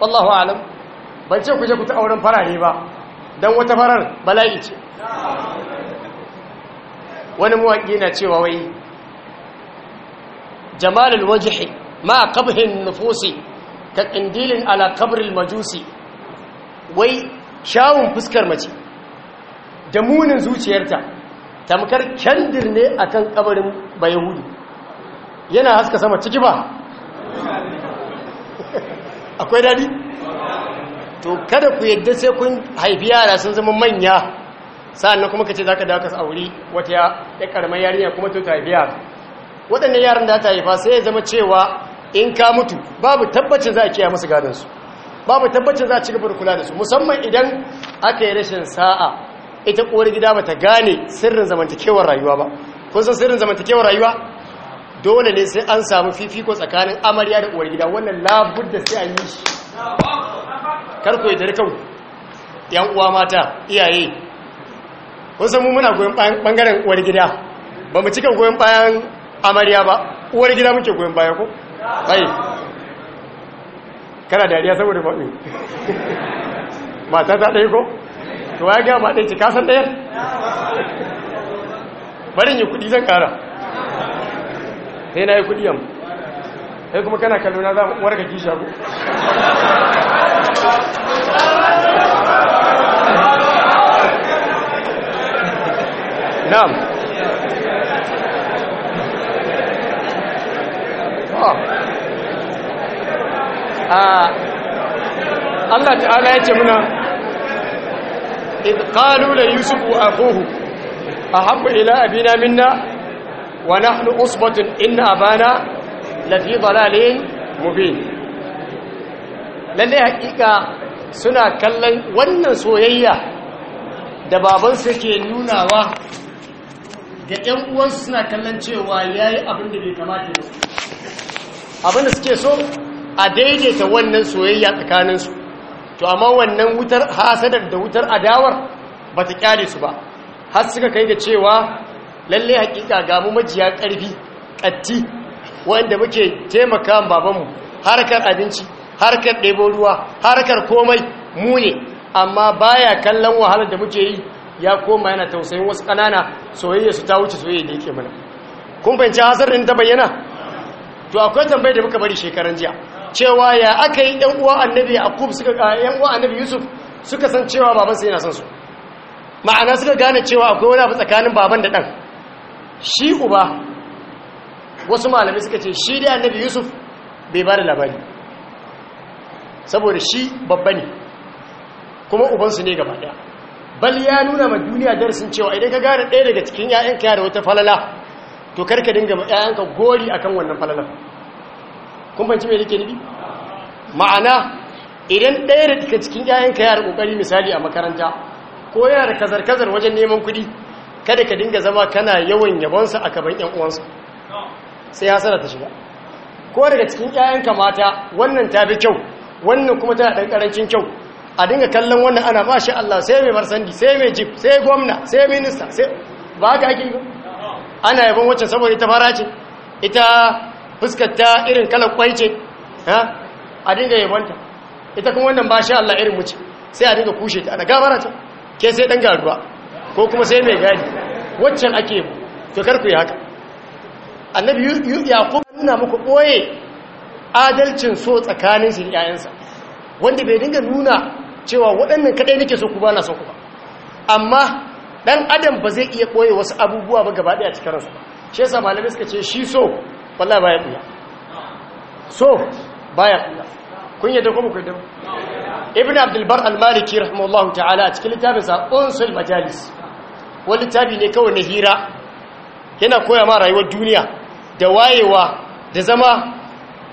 wallahu alam ban ce ku je ku ta auren farare ba dan wata farar bala'i ce wani mawaƙi na cewa wai jamalul wajhi ma qabhin nufusi ka qindilin ala qabril majusi wai shawun fuskar mace da munin zuciyarta tamkar kandir ne akan kabarin bayahudi yana haska sama ciki ba akwai daɗi to kada ku yadda sai kun haifi yara sun zama manya sa'annan kuma ka ce za ka dawo ka auri wata ya karamar yarinya kuma to ta haifi yara waɗannan yaran da ta haifa sai ya zama cewa in ka mutu babu tabbacin za a kiya musu gadansu babu tabbacin za a ci gaba da kula da su musamman idan aka yi rashin sa'a ita kowar gida ba ta gane sirrin zamantakewar rayuwa ba kun san sirrin zamantakewar rayuwa dole ne sai an samu fifiko tsakanin amarya da uwar gida wannan da sai an yi shi karko ya darkan yan uwa mata iyaye wasu mu muna goyon bangaren uwar gida ba mu cika goyon bayan amarya ba uwar gida muke goyon baya ko bai kana dariya saboda faɗi mata ta ɗaya ko to ya gaba ɗaya ci kasan ɗayar barin yi kuɗi zan ƙara sai na yi kudi yamma sai kuma kana kallo za mu uwar ka kisha ku oh. ah. Allah ta'ala ya ce muna idqalu la yusufu buhu ahabbu ila abina minna ونحن أصبة إن أبانا لفي ضلال مبين lallai hakika suna kallon wannan soyayya da babansa ke nunawa ga 'yan uwansu suna kallon cewa yayi abin da bai kamata ba abin da suke so a daidaita wannan soyayya tsakaninsu to amma wannan wutar hasadar da wutar adawar bata kyale su ba har suka kai da cewa lalle hakika ga mu majiya karfi katti wanda muke taimaka babanmu harkar abinci harkar ɗebo ruwa harkar komai mu ne amma baya kallon wahalar da muke yi ya koma yana tausayin wasu ƙanana soyayya su ta wuce soyayya da yake mana kun fahimci hasarin ta bayyana to akwai tambayar da muka bari shekaran jiya cewa ya aka yi ɗan uwa annabi akub suka ɗan uwa annabi yusuf suka san cewa babansa yana son su ma'ana suka gane cewa akwai wani abu tsakanin baban da ɗan shi uba wasu malami suka ce shi da annabi yusuf bai ba da labari saboda shi babba ne kuma ubansu ne gaba daya bal ya nuna ma duniya darasin cewa idan ka gane ɗaya daga cikin 'ya'yanka ya da wata falala to karka dinga ma 'ya'yanka gori akan wannan falalar kun fanci mai rike nibi ma'ana idan ɗaya daga cikin 'ya'yanka ya da ƙoƙari misali a makaranta ko yana da kazar-kazar wajen neman kuɗi kada ka dinga zama kana yawan yabonsa a gaban yan uwansa sai hasara ta shiga ko daga cikin 'ya'yanka mata wannan ta fi kyau wannan kuma tana ɗan ƙarancin kyau a dinga kallon wannan ana mashi Allah sai mai marsandi sai mai jif sai gwamna sai minista sai ba ka ake yi ba ana yabon wacce saboda ita fara ce ita ta irin kalan kwai ce a dinga yabonta ita kuma wannan ba shi Allah irin muce sai a dinga kushe ta ana gabara ta ke sai ɗan garuwa ko kuma sai mai gadi waccan ake mu to ku yi haka annabi yaqub nuna muku ɓoye adalcin so tsakanin shi yayansa wanda bai dinga nuna cewa waɗannan kadai nake so ku ba na so ku amma dan adam ba zai iya ɓoye wasu abubuwa ba gaba a cikin ransa shi yasa malamai suka ce shi so wallahi baya kula so baya kula kun yadda kuma muku yadda ibn abdul bar al-maliki rahimahullahu ta'ala a cikin littafin unsul majalis wani tabi ne kawai na hira yana koya ma rayuwar duniya da wayewa da zama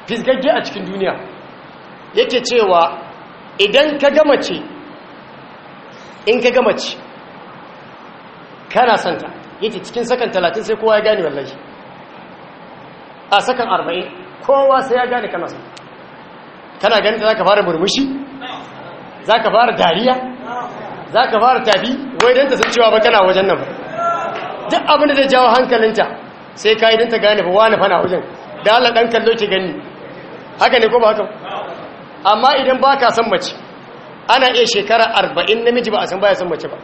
fisgagge a cikin duniya yake cewa idan ka gama ce in ka gama ce kana santa yake cikin sakan talatin sai kowa ya gane wallahi a sakan arba'in kowa sai ya gane kana santa kana ganin za ka fara murmushi za ka fara dariya za ka fara tafi wai don ta san cewa ba kana wajen nan duk abin da jawo hankalinta sai ka yi don ta gane ba wani fana wajen da Allah ɗan kallo ki gani haka ne ko ba haka amma idan ba ka san mace ana iya shekara arba'in namiji ba a san baya san mace ba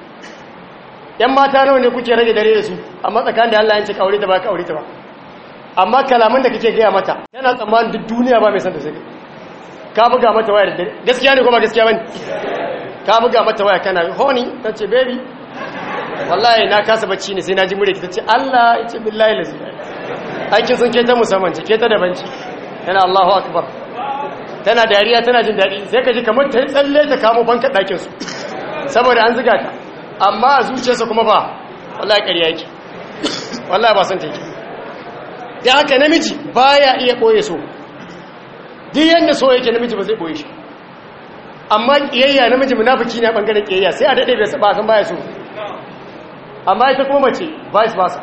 yan mata nawa ne kuke rage dare da su amma tsakanin da Allah ya ce ka aure ta ba ka aure ta ba amma kalaman da kake gaya mata tana tsammanin duk duniya ba mai san da sai ka buga mata wayar dare gaskiya ne ko ba gaskiya bane ka buga mata waya kana honi ta ce baby wallahi na kasa bacci ne sai na ji mure ki ta ce Allah ya ce billahi lazi aikin sun ta musamman ce ta daban ce yana Allahu akbar tana dariya tana jin daɗi sai ka ji kamar ta tsalle ta kamo banka dakin su saboda an ziga ta amma a zuciyarsa kuma ba wallahi ƙarya yake wallahi ba san ta yake da haka namiji baya iya ɓoye so duk yanda so yake namiji ba zai ɓoye shi amma kiyayya namiji munafiki ne a bangaren kiyayya sai a dade bai saba san baya so amma ita kuma mace vice versa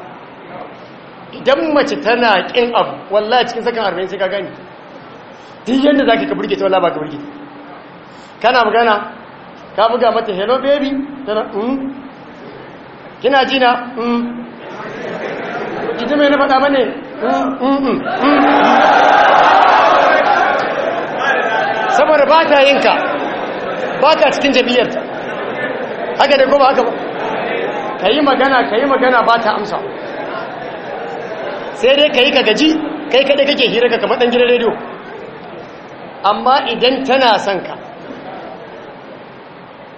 idan mace tana kin abu wallahi cikin sakan arba'in sai ka gani din yanda zaka ka burge ta wallahi ba ka burge kana magana ka buga mata hello baby tana um kina ji na um idan mai na faɗa bane um mm, um mm, saboda ba ta yinka ba ka cikin jam'iyyarta haka da goma haka ba ka yi magana ka yi magana ba ta amsa sai dai ka yi ka gaji kai kada kake hira ka kamar ɗan gidan rediyo amma idan tana son ka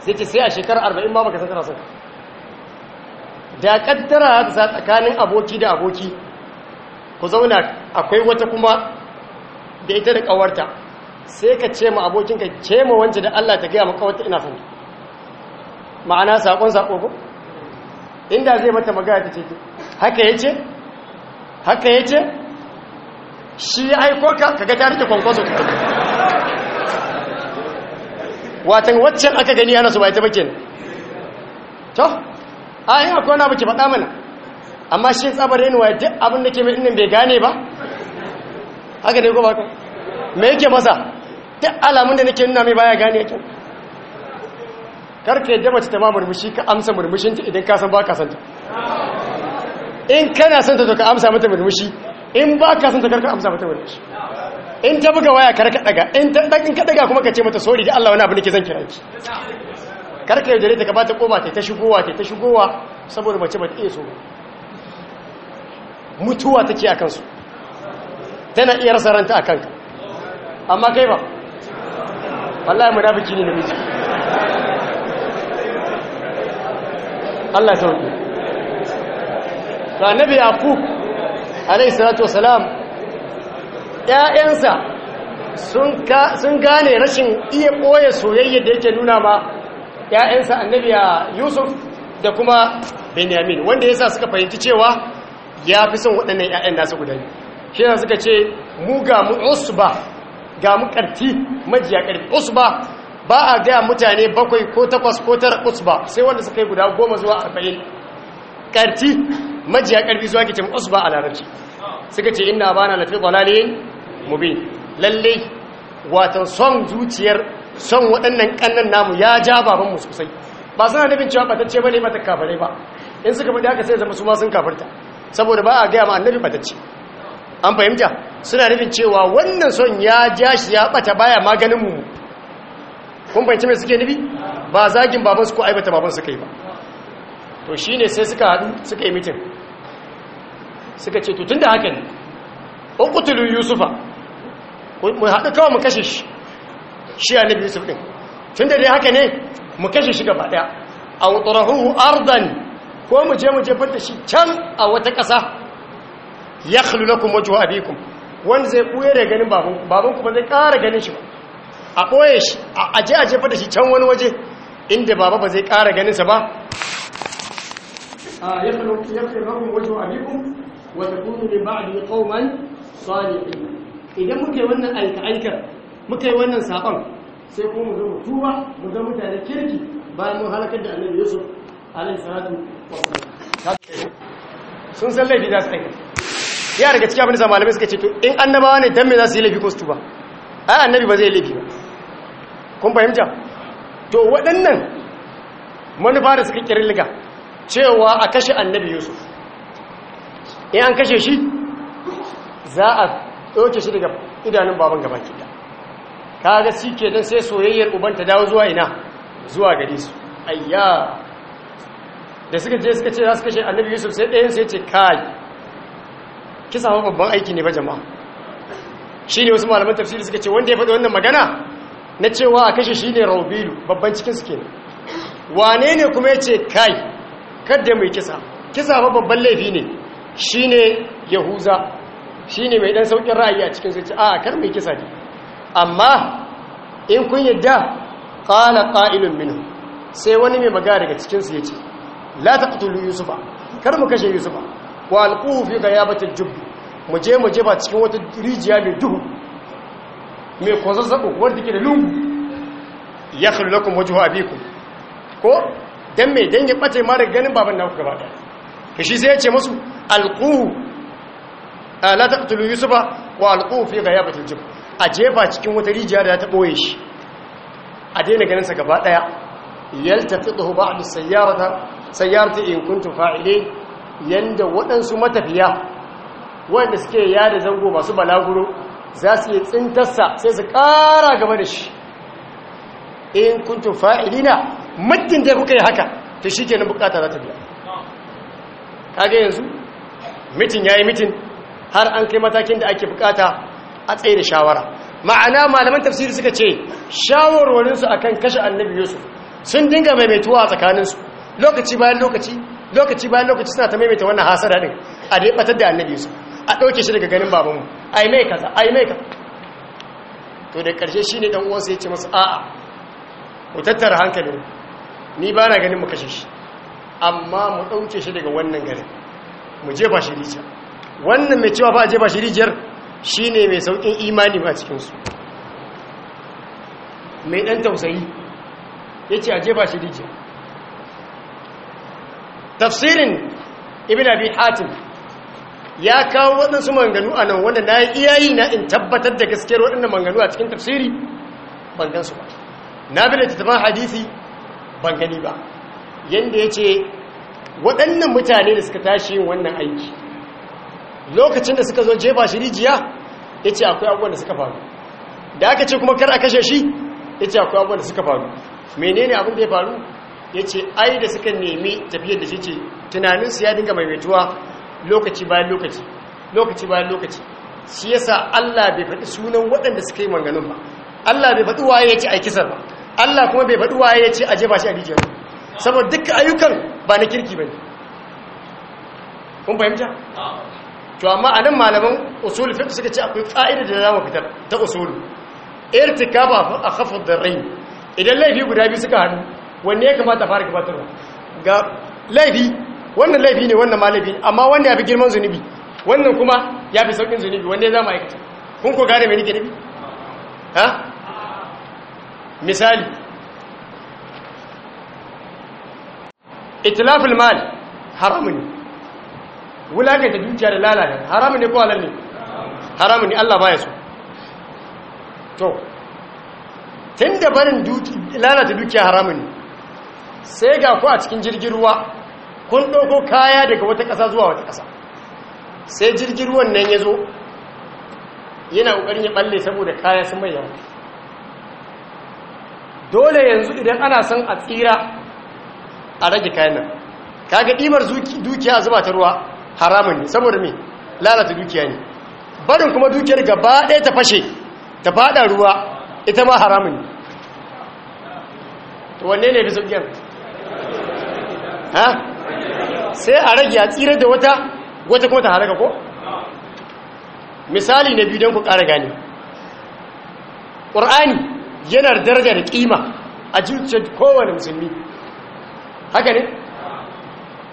sai ce sai a shekarar arba'in ma baka san son ka da kaddara ta sa tsakanin aboki da aboki ku zauna akwai wata kuma da ita da ƙawarta sai ka ce ma abokinka ce ma wance da Allah ta gaya maka wata ina son ma'ana sakon sako ko inda zai mata magana ta ce haka yace haka yace shi ya ko ka kaga ta rike kwankwaso watan waccan aka gani ana su bai ta bakin to ai ko na baki faɗa mana amma shi tsabar yin wa duk abin da ke mai inda bai gane ba haka ne ko ba ka me yake masa duk alamun da nake nuna mai baya gane yakin karfe yadda mace ta ma murmushi ka amsa ta idan ka san ba ka ta. in kana santa to ka amsa mata murmushi in ba ka ta karka amsa mata murmushi in ta buga waya karka daga in ta dakin ka daga kuma ka ce mata sorry da Allah wani abu nake zan kira ki karka yaudare ta ka bata koma ta ta shigowa ta ta shigowa saboda mace ba ta iya so mutuwa take akan su tana iya rasa ranta akan ka amma kai ba wallahi munafiki ne namiji Allah ya sauke to annabi yaqub alayhi salatu wasalam ƴaƴansa sun gane rashin iya koya soyayya da yake nuna ma ƴaƴansa annabi yusuf da kuma benyamin wanda yasa suka fahimci cewa ya fi son waɗannan ƴaƴan da su gudanar. shi suka ce mu ga mu usba ga mukarti majiya karfi usba ba a gaya mutane bakwai ko takwas ko tara usba sai wanda suka yi guda goma zuwa arba'in karfi majiya karfi zuwa kicin usba a larabci suka ce ina ba na lafi dalalin mubi lalle watan son zuciyar son waɗannan ƙannan namu ya ja baban musu ba suna nufin cewa batacce ba ne mata kafare ba in suka faɗi haka sai zama su ma sun kafarta saboda ba a gaya ma annabi batacce an fahimta suna nufin cewa wannan son ya ja shi ya bata baya maganin mu kun fahimci mai suke nufi ba zagin babansu ko aibata babansu kai ba to shi ne sai suka haɗu suka yi mitin suka ce tutun da haka ne ƙutulun yusufa mu haɗu kawai mu kashe shi shi nufi yusuf ɗin tun da dai haka ne mu kashe shi gaba ɗaya a wutsarahuhu ardan ko mu je mu jefar da shi can a wata ƙasa yakhlu lakum wajen abikum wanda zai buye da ganin baban baban kuma zai ƙara ganin shi a ɓoye shi a aje aje fa da shi can wani waje inda baba ba zai ƙara ganin sa ba yakhlu yakhlu lakum wajhu abikum wa takunu li ba'di qauman salihin idan muka yi wannan aika-aikar muka yi wannan saƙon sai kuma mu zama tuba mu zama mutane kirki bayan mun halakar da annabi yusuf alaihi salatu wa sun san laifi za su aikata ya daga cikin abin da malamai suka ce to in annabawa ne dan me za su yi laifi ko su tuba ai annabi ba zai laifi ba kun fahimta to waɗannan manufa da suka liga cewa a kashe annabi yusuf in an kashe shi za a ɗauke shi daga idanun baban gaban da kaga shi ke don sai soyayyar uban ta dawo zuwa ina zuwa gari su ayya da suka je suka ce za su kashe annabi yusuf sai ɗayan sai ce kai kisa samu babban aiki ne ba jama'a shi ne wasu malaman tafsiri suka ce wanda ya faɗi wannan magana na cewa a kashe shi ne raubilu babban cikin suke ne wane ne kuma ya ce kai kadda mai kisa kisa ma babban laifi ne shi ne yahuza shi ne mai ɗan sauƙin ra'ayi a cikin zuci a kar mai kisa ne amma in kun yadda ƙana ƙa'ilun minu sai wani mai magana daga cikinsu ya ce la ta ƙutulu yusufa kar mu kashe yusufa wa alquhu fi ghayabatil jubb mu je mu ba cikin wata rijiya mai duhu mai kwazazzabo wanda ke da lungu ya khulu lakum wajhu abikum ko dan mai dan ya bace ma daga ganin baban naku gaba ɗaya to shi sai ya ce A alquhu la taqtulu yusufa wa alquhu fi ghayabatil jubb a je ba cikin wata rijiya da ta boye shi a daina ganin sa gaba daya yaltafituhu ba'd as-sayyarata sayyarati in kuntum fa'ilin yanda waɗansu matafiya wanda suke yada zango masu balaguro za su yi tsintarsa sai su ƙara gaba da shi in kuntun fa'ilina muddin da kuka yi haka ta shi ke na bukata za ta biya kaga yanzu mitin ya yi mitin har an kai matakin da ake bukata a tsaye da shawara ma'ana malaman tafsiri suka ce shawarwarinsu akan kashe annabi yusuf sun dinga maimaituwa a tsakaninsu lokaci bayan lokaci lokaci bayan lokaci suna ta maimaita wannan hasara din a dai batar da annabi su a ɗauke shi daga ganin babanmu ai mai kaza ai mai maika to da ƙarshe shi ne ɗan uwansa ya ce masa a'a ku tattara hankali ni ba na ganin mu kashe shi amma mu ɗauke shi daga wannan garin mu je ba shi rijiya wannan mai cewa ba a je ba shi rijiyar shi ne mai sauƙin imani ba cikinsu mai ɗan tausayi ya ce a ba shi rijiya tafsirin ibn abi hatim ya kawo waɗansu manganu a nan wanda na iya yi na in tabbatar da gaskiyar waɗannan manganu a cikin tafsiri ban su ba na bi da tattaban hadisi ban gani ba yadda ya ce waɗannan mutane da suka tashi yin wannan aiki lokacin da suka zo jefa shi rijiya ya ce akwai abubuwan da suka faru da aka ce kuma kar a kashe shi ya ce akwai abubuwan da suka faru menene abin da ya faru ya ce ai da suka nemi tafiyar da shi ce tunaninsu ya dinga maimaituwa lokaci bayan lokaci lokaci bayan lokaci shi yasa Allah bai faɗi sunan waɗanda suka yi manganun ba Allah bai faɗi waye ya ce a kisar ba Allah kuma bai faɗi waye ya ce a jefa shi a rijiyar saboda duka ayyukan ba na kirki ba ne kun fahimta to amma a nan malaman usul fiqh suka ce akwai fa'ida da za mu fitar ta usul irtikaba a khafd darrain idan laifi guda biyu suka hannu wanne ya kamata fara gabatarwa ga laifi wannan laifi ne wannan ma laifi amma wanda ya fi girman zunubi wannan kuma ya fi saukin zunubi wanda ya zama aikata kun ko gane mai nike nufi ha misali itilafin mal haramun ne ta dukiya da lalata haramun ne ko halal ne haramun ne allah baya so to tun da barin lalata dukiya haramun ne sai ga ku a cikin jirgin ruwa kun ɗauko kaya daga wata ƙasa zuwa wata ƙasa sai jirgin ruwan nan ya zo yana ƙoƙarin ya ɓalle saboda kaya sun mai yawon dole yanzu idan ana son a tsira a rage kayan nan kaga ɗimar dukiya zuba ta ruwa haramun ne saboda me lalata dukiya ne barin kuma dukiyar gaba ɗaya ta fashe ta faɗa ruwa ita ma haramun ne wanne ne fi sauƙiyar ha sai a rage a tsira da wata wata kuma ta haraka ko misali na biyu don ku ƙara gani ƙur'ani yana daraja da ƙima a zuciyar kowane musulmi haka ne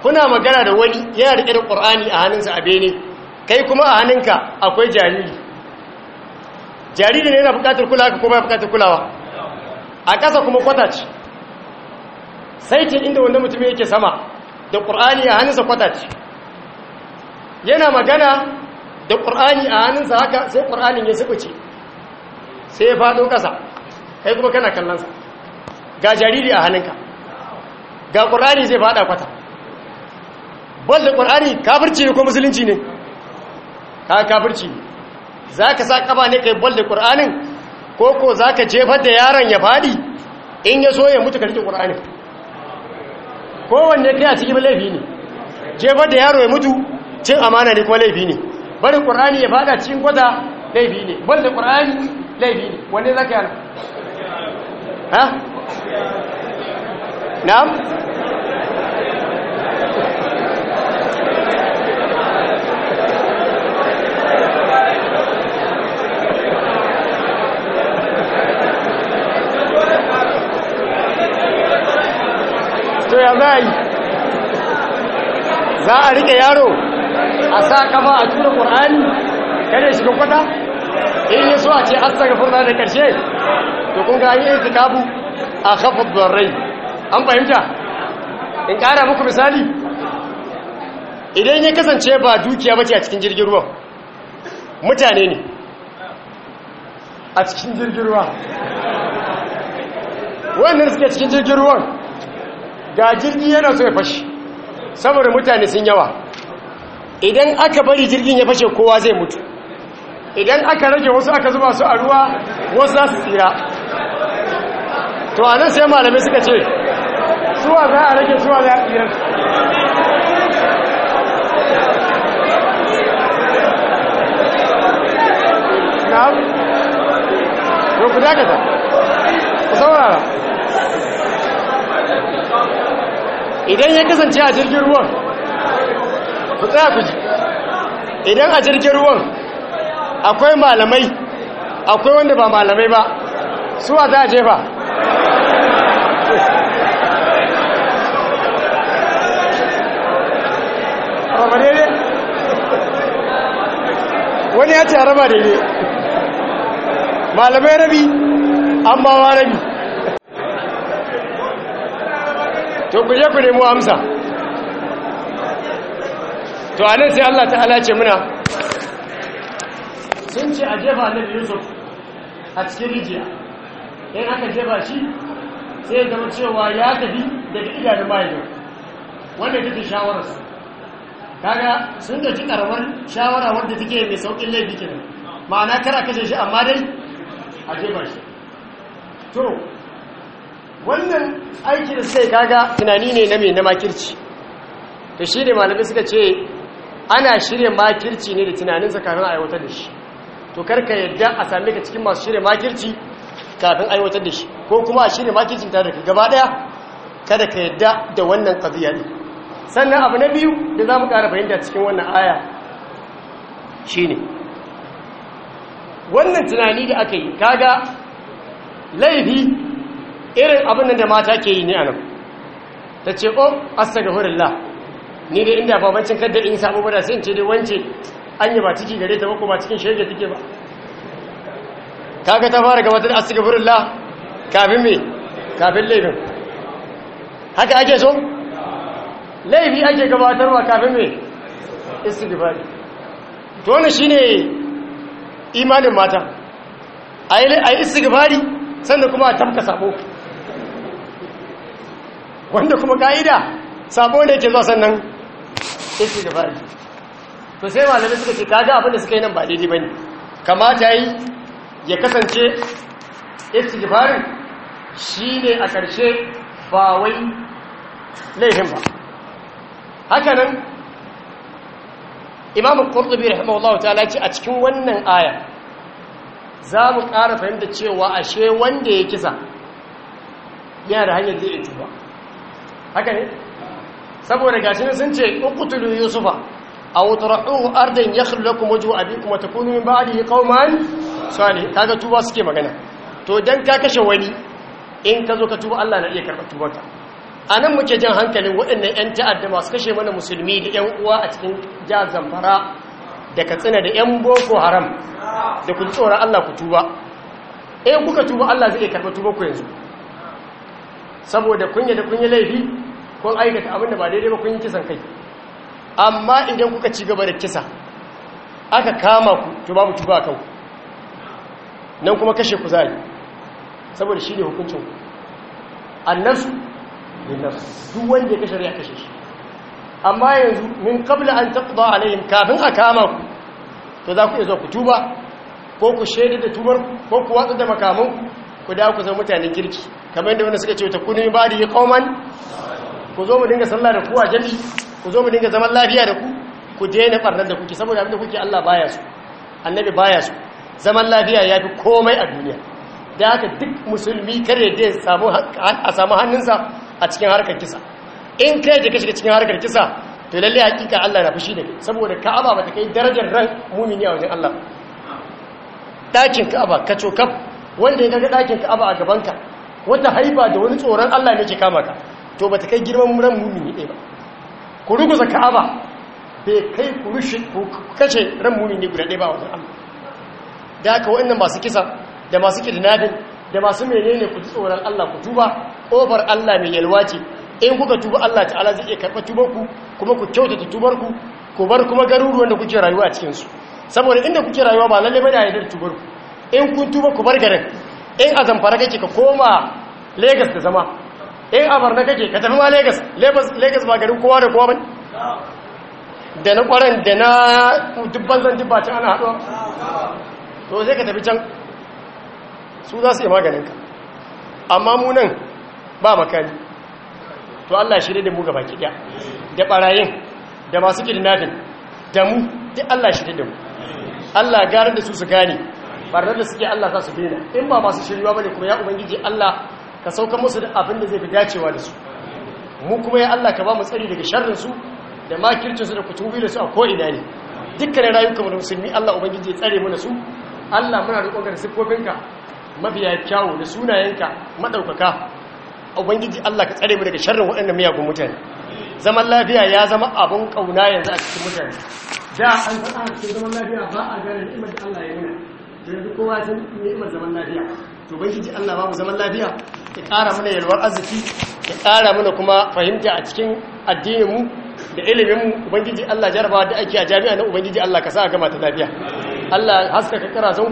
kuna magana da wani yana riƙe da ƙur'ani a hannunsa a bene kai kuma a hannunka akwai jariri jariri ne yana buƙatar kulawa ko ba buƙatar kulawa a ƙasa kuma kwata ce saitin inda wanda mutum yake sama da ƙur'ani a hannunsa kwataci yana magana da ƙur'ani a hannunsa haka sai ƙur'anin ya ce sai ya faɗo ƙasa kai kuma kana kallonsa ga jariri a hannunka ga ƙur'ani zai faɗa kwata bal da ƙur'ani kafirci ne ko musulunci ne ka kafirci za ka sa ƙaba ne kai bal da ƙur'anin ko ko za ka jefar da yaron ya faɗi in ya so ya mutu ka riƙe ƙur'anin kowanne kai a cikin laifi ne jefar da yaro ya mutu cin amana ne kuma laifi ne bari ƙur'ani ya fada cikin gwada laifi ne bari ƙur'ani laifi ne wanne za ka yana ha? na'am to ya za yi za a rike yaro a sa kama a tura ƙur'ani kada shiga kwata in yi so a ce an saka furna da ƙarshe to kun ga yi irtikabu a kafa rai an fahimta in ƙara muku misali idan ya kasance ba dukiya ce a cikin jirgin ruwa mutane ne a cikin jirgin ruwa wannan suke cikin jirgin ruwan ga jirgi yana so ya fashe saboda mutane sun yawa idan aka bari jirgin ya fashe kowa zai mutu idan aka rage wasu aka zuba su a ruwa wasu za su tsira to a nan sai malamai suka ce suwa za a rage suwa za a tsira na'am to ku dakata ku saurara idan ya kasance a jirgin ruwan ku tsaya ku ji idan a jirgin ruwan akwai malamai akwai wanda ba malamai ba suwa za a jefa wani ya ce a raba daidai malamai rabi an bawa rabi to ku je ku nemo amsa to anan sai Allah ta'ala halace muna sun ce a jefa annabi Yusuf a cikin rijiya in aka jefa shi sai ya zama cewa ya tafi daga idanun mahaifin wanda take shawararsa kaga sun da ji karamar shawara wadda take mai saukin laifi kenan ma'ana kara kashe shi amma dai a jefa shi to wannan aikin sai kaga tunani ne na mai na makirci Da shi ne malamai suka ce ana shirya makirci ne da tunaninsa kafin aiwatar da shi to karka yadda a sami ka cikin masu shirya makirci kafin aiwatar da shi ko kuma a shirya makircin tare da ka gaba daya kada ka yadda da wannan qadiya ne sannan abu na biyu da za mu ƙara fahimta cikin wannan aya shine wannan tunani da aka yi kaga laifi irin abin da mata ke yi ne anan ta ce oh astaghfirullah ni dai inda babancin kadda in samu bada sai in ce dai wance an yi ba ciki gare ta ba kuma cikin shege take ba kaga ta fara gabatar da astaghfirullah kafin me kafin laifin haka ake so laifi ake gabatarwa kafin me istighfar to ne shine imanin mata ai ai istighfari sannan kuma a tamka sabo wanda kuma ka'ida sabo ne ke zuwa sannan yake da fari to sai malamai suka ce kaga abin da suka yi nan ba daidai bane kamata yi ya kasance istighfarin shine a ƙarshe ba wai laifin ba haka nan imam al-qurtubi rahimahullahu ta'ala ce a cikin wannan aya za mu ƙara fahimta cewa ashe wanda ya kisa yana da hanyar da ya tuba haka ne saboda gashi sun ce ukutulu yusufa aw tarahu ardan yakhlu lakum wajhu abikum wa takunu min ba'dihi qauman salih kaga tuba suke magana to dan ka kashe wani in ka zo ka tuba Allah na iya karɓar tubanta. a nan muke jan hankalin waɗannan 'yan ta'adda masu kashe mana musulmi da 'yan uwa a cikin ja zamfara da katsina da 'yan boko haram da ku tsora Allah ku tuba in kuka tuba Allah zai karɓa tuba ku yanzu saboda kunya da kunya laifi kun aikata abin da ba daidai ba kun yi kisan kai amma idan kuka ci gaba da kisa aka kama ku to babu tuba kan nan kuma kashe ku zai saboda shi ne hukuncin ku annasu bin nafs duk wanda ya kashe ya kashe shi amma yanzu min qabla an taqda alaihim kafin a kama ku to za ku iya ku tuba ko ku shaida da tubar ko ku watsa da makamun ku da ku zama mutanen kirki kamar yadda wanda suka ce ta kuni ba da yi kauman ku zo mu dinga sallah da ku a jami ku zo mu dinga zaman lafiya da ku ku na farnar da kuke saboda abinda kuke Allah baya su annabi baya su zaman lafiya ya fi komai a duniya da haka duk musulmi kare da a samu hannunsa a cikin harkar kisa in kai da ka shiga cikin harkar kisa to lalle hakika Allah na fushi da kai saboda ka'aba ba ta kai darajar ran mumini a wajen Allah dakin ka'aba ka cokaf wanda ya ga dakin ka'aba a gabanka wata haifa da wani tsoron Allah ne ke kama ka to ba ta kai girman ran mumini ɗaya ba ku ruguza ka'aba bai kai ku rushe kashe ran mumini guda ɗaya ba wajen Amma. da aka wa'annan masu kisa da masu kidnabin da masu menene ku tsoron Allah ku tuba ƙofar Allah mai yalwa ce in kuka tuba Allah ta'ala zai iya karɓa tubarku kuma ku kyautata tubarku ku bar kuma garuruwan da kuke rayuwa a cikinsu saboda inda kuke rayuwa ba lalle bane a yadda tubarku in kun tuba ku bar garin in a zamfara kake ka koma Legas da zama in a barna kake ka tafi ma Legas. Legas ba garin kowa da kowa ba da na kwaran da na dubban zan dubba can ana haɗuwa to sai ka tafi can su za su yi maganinka amma munan ba makani to Allah shirya da mu gaba kiɗa da ɓarayin da masu kidnapping da mu duk Allah shirya da mu Allah garin da su su gane barnar da suke Allah za su daina in ba masu ba bane kuma ya ubangiji Allah ka sauka musu da abin da zai fi dacewa da su mu kuma ya Allah ka ba mu tsari daga sharrin su da makircin su da kutubi da su a ko'ina ne dukkanin rayukan da musulmi Allah ubangiji ya tsare mana su Allah muna da ka sifofinka mafiya kyawu da sunayenka madaukaka ubangiji Allah ka tsare mu daga sharrin waɗannan miyagun mutane zaman lafiya ya zama abun kauna yanzu a cikin mutane da an faɗa cikin zaman lafiya ba a gane ni'imar da Allah ya nuna da yanzu kowa ya ni'imar zaman lafiya to bai shi Allah ba mu zaman lafiya ya ƙara mana yalwar arziki ya ƙara mana kuma fahimta a cikin addinin mu da ilimin mu ubangiji Allah jarabawa da ake a jami'a na ubangiji Allah ka sa a gama ta lafiya Allah haskaka karatun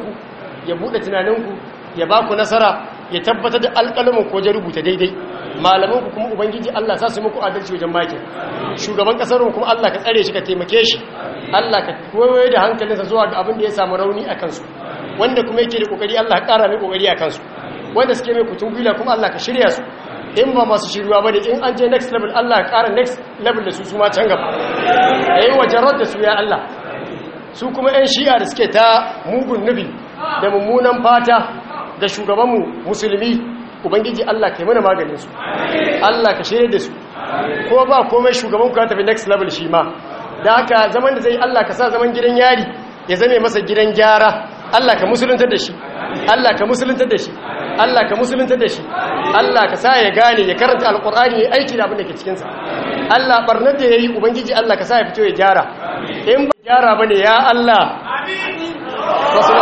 ya buɗe tunanin ku ya ba ku nasara ya tabbatar da alƙalamin ko ya rubuta daidai malamanku kuma ubangiji Allah sa su muku adalci wajen baki shugaban kasar kuma Allah ka tsare shi ka taimake shi Allah ka koyo da hankalinsa zuwa ga abin da ya samu rauni a kansu wanda kuma yake da kokari Allah ya ƙara mai kokari a kansu wanda suke mai kutun gila kuma Allah ka shirya su in ba masu shiruwa ba ne in an je next level Allah ya ƙara next level da su su ma can gaba a yi eh, wajarar da su ya Allah su kuma 'yan shi'a da suke ta mugun nubi da mummunan fata da shugabanmu musulmi ubangiji Allah ka yi mana su Allah ka shirya da su ko ba komai shugabanku ka tafi next level shi ma da haka zaman da zai Allah ka sa zaman gidan yari ya zame masa gidan gyara Allah ka musuluntar da shi Allah ka musuluntar da shi Allah ka musuluntar da shi Allah ka sa ya gane ya karanta alkur'ani ya aiki da abin da ke cikinsa Allah barnar da ya yi ubangiji Allah ka sa ya fito ya gyara in ba gyara ba ne ya Allah wasu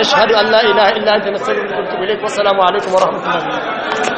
da shahadu Allah ila illa ta nasarar da kuma ilaikum wassalamu alaikum wa rahmatullahi